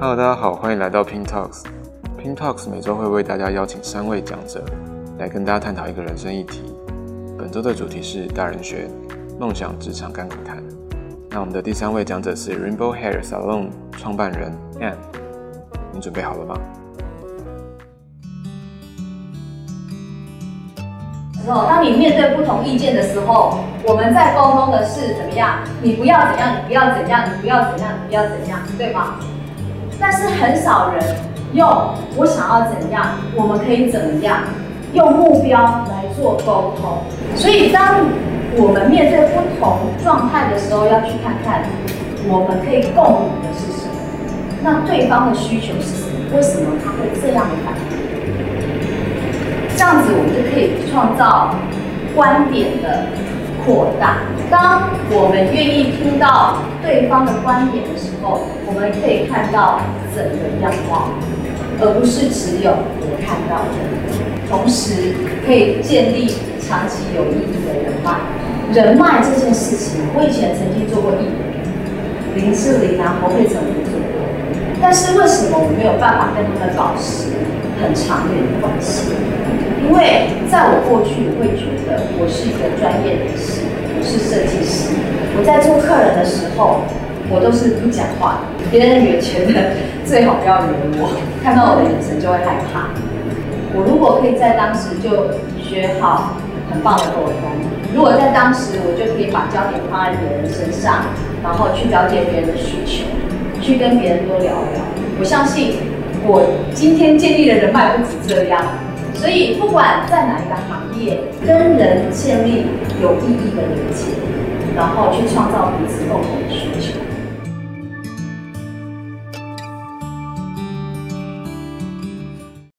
Hello，大家好，歡迎來到 Pin Talks。Pin Talks 每週會為大家邀請三位講者，來跟大家探討一個人生議題。本週的主題是大人學，夢想職場乾股談。那我們的第三位講者是 Rainbow Hair Salon 創辦人 a n n 你準備好了嗎？沒當你面對不同意見的時候，我們在溝通的是怎麼樣？你不要怎樣，你不要怎樣，你不要怎樣，你不要怎樣，怎樣對嗎？但是很少人用我想要怎樣，我們可以怎麼樣，用目標來做溝通。所以，當我們面對不同狀態的時候，要去看看我們可以共有的是什麼。那對方的需求是什麼？為什麼他會這樣的反應？這樣子，我們就可以創造觀點的擴大。當我們願意聽到對方的觀點的時候，我們可以看到整個樣貌，而不是只有我看到的。同時，可以建立長期有意義的人脈。人脈這件事情，我以前曾經做過一年，林志玲啊、侯佩岑都做過。但是為什麼我沒有辦法跟他們保持很長遠的關係？因為在我過去會覺得我是一個專業人士，我是設計師。我在做客人的時候，我都是不講話的。別人眼前的最好不要理我，看到我的眼神就會害怕。我如果可以在當時就學好很棒的溝通，如果在當時我就可以把焦點放在別人身上，然後去了解別人的需求，去跟別人多聊聊。我相信我今天建立的人脈不止這樣。所以，不管在哪一個行業，跟人建立有意義的連接，然後去創造彼此共同的需求。